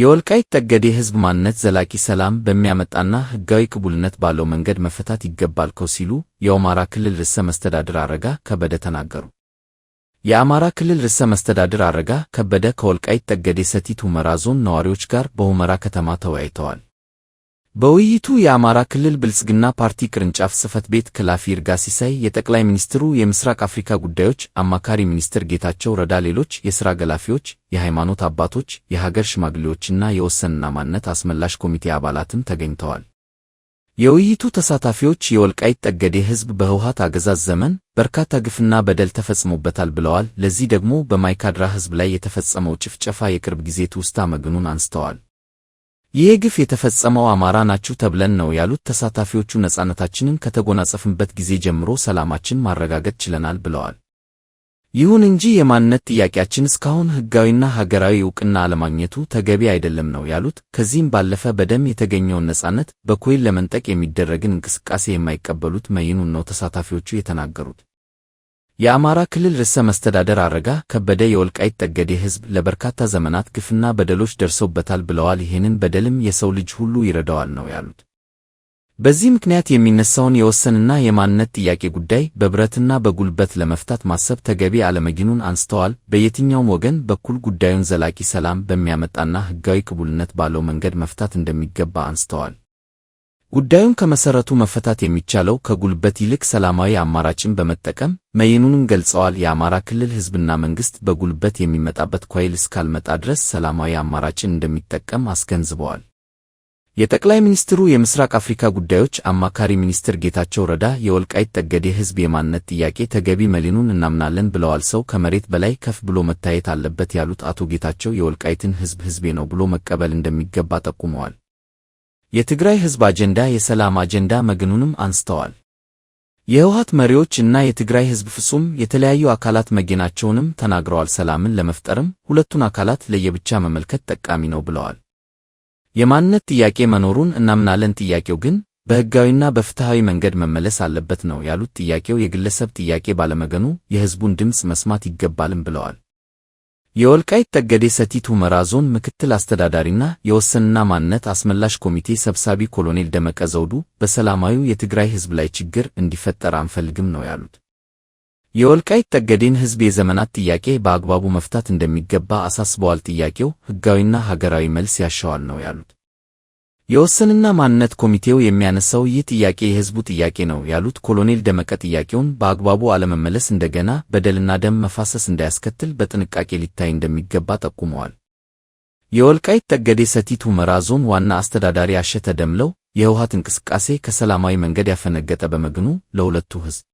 የወልቃይት ጠገዴ ሕዝብ ማንነት ዘላቂ ሰላም በሚያመጣና ሕጋዊ ቅቡልነት ባለው መንገድ መፈታት ይገባል ሲሉ የአማራ ክልል ርዕሰ መስተዳድር አረጋ ከበደ ተናገሩ። የአማራ ክልል ርዕሰ መስተዳድር አረጋ ከበደ ከወልቃይት ጠገዴ ሰቲት ሁመራ ዞን ነዋሪዎች ጋር በሁመራ ከተማ ተወያይተዋል። በውይይቱ የአማራ ክልል ብልጽግና ፓርቲ ቅርንጫፍ ጽፈት ቤት ኃላፊ ይርጋ ሲሳይ፣ የጠቅላይ ሚኒስትሩ የምስራቅ አፍሪካ ጉዳዮች አማካሪ ሚኒስትር ጌታቸው ረዳ፣ ሌሎች የሥራ ገላፊዎች፣ የሃይማኖት አባቶች፣ የሀገር ሽማግሌዎችና የወሰንና ማንነት አስመላሽ ኮሚቴ አባላትም ተገኝተዋል። የውይይቱ ተሳታፊዎች የወልቃይት ጠገዴ ሕዝብ በህወሓት አገዛዝ ዘመን በርካታ ግፍና በደል ተፈጽሞበታል ብለዋል። ለዚህ ደግሞ በማይካድራ ሕዝብ ላይ የተፈጸመው ጭፍጨፋ የቅርብ ጊዜ ትውስታ መግኑን አንስተዋል። ይህ ግፍ የተፈጸመው አማራ ናችሁ ተብለን ነው ያሉት ተሳታፊዎቹ ነጻነታችንን ከተጎናጸፍንበት ጊዜ ጀምሮ ሰላማችን ማረጋገጥ ችለናል ብለዋል። ይሁን እንጂ የማንነት ጥያቄያችን እስካሁን ሕጋዊና ሀገራዊ ዕውቅና አለማግኘቱ ተገቢ አይደለም ነው ያሉት። ከዚህም ባለፈ በደም የተገኘውን ነጻነት በኮይል ለመንጠቅ የሚደረግን እንቅስቃሴ የማይቀበሉት መይኑን ነው ተሳታፊዎቹ የተናገሩት። የአማራ ክልል ርዕሰ መስተዳደር አረጋ ከበደ የወልቃይት ጠገዴ ሕዝብ ለበርካታ ዘመናት ግፍና በደሎች ደርሰውበታል ብለዋል። ይህንን በደልም የሰው ልጅ ሁሉ ይረዳዋል ነው ያሉት። በዚህ ምክንያት የሚነሳውን የወሰንና የማንነት ጥያቄ ጉዳይ በብረትና በጉልበት ለመፍታት ማሰብ ተገቢ አለመጊኑን አንስተዋል። በየትኛውም ወገን በኩል ጉዳዩን ዘላቂ ሰላም በሚያመጣና ሕጋዊ ቅቡልነት ባለው መንገድ መፍታት እንደሚገባ አንስተዋል። ጉዳዩን ከመሠረቱ መፈታት የሚቻለው ከጉልበት ይልቅ ሰላማዊ አማራጭን በመጠቀም መየኑንም ገልጸዋል። የአማራ ክልል ሕዝብና መንግስት በጉልበት የሚመጣበት ኳይል እስካልመጣ ድረስ ሰላማዊ አማራጭን እንደሚጠቀም አስገንዝበዋል። የጠቅላይ ሚኒስትሩ የምስራቅ አፍሪካ ጉዳዮች አማካሪ ሚኒስትር ጌታቸው ረዳ የወልቃይት ጠገዴ ሕዝብ የማንነት ጥያቄ ተገቢ መሊኑን እናምናለን ብለዋል። ሰው ከመሬት በላይ ከፍ ብሎ መታየት አለበት ያሉት አቶ ጌታቸው የወልቃይትን ሕዝብ ሕዝቤ ነው ብሎ መቀበል እንደሚገባ ጠቁመዋል። የትግራይ ሕዝብ አጀንዳ የሰላም አጀንዳ መግኑንም አንስተዋል። የህወሓት መሪዎች እና የትግራይ ሕዝብ ፍጹም የተለያዩ አካላት መገናቸውንም ተናግረዋል። ሰላምን ለመፍጠርም ሁለቱን አካላት ለየብቻ መመልከት ጠቃሚ ነው ብለዋል። የማንነት ጥያቄ መኖሩን እናምናለን። ጥያቄው ግን በሕጋዊና በፍትሐዊ መንገድ መመለስ አለበት ነው ያሉት። ጥያቄው የግለሰብ ጥያቄ ባለመገኑ የሕዝቡን ድምፅ መስማት ይገባልም ብለዋል። የወልቃይት ጠገዴ ሰቲት ሁመራ ዞን ምክትል አስተዳዳሪና የወሰንና ማንነት አስመላሽ ኮሚቴ ሰብሳቢ ኮሎኔል ደመቀ ዘውዱ በሰላማዊው የትግራይ ሕዝብ ላይ ችግር እንዲፈጠር አንፈልግም ነው ያሉት። የወልቃይት ጠገዴን ሕዝብ የዘመናት ጥያቄ በአግባቡ መፍታት እንደሚገባ አሳስበዋል። ጥያቄው ሕጋዊና ሀገራዊ መልስ ያሻዋል ነው ያሉት። የወሰንና ማንነት ኮሚቴው የሚያነሳው ይህ ጥያቄ የሕዝቡ ጥያቄ ነው ያሉት ኮሎኔል ደመቀ ጥያቄውን በአግባቡ አለመመለስ እንደገና በደልና ደም መፋሰስ እንዳያስከትል በጥንቃቄ ሊታይ እንደሚገባ ጠቁመዋል። የወልቃይት ጠገዴ ሰቲት ሁመራ ዞን ዋና አስተዳዳሪ አሸተ ደምለው የህወሓት እንቅስቃሴ ከሰላማዊ መንገድ ያፈነገጠ በመግኑ ለሁለቱ ሕዝብ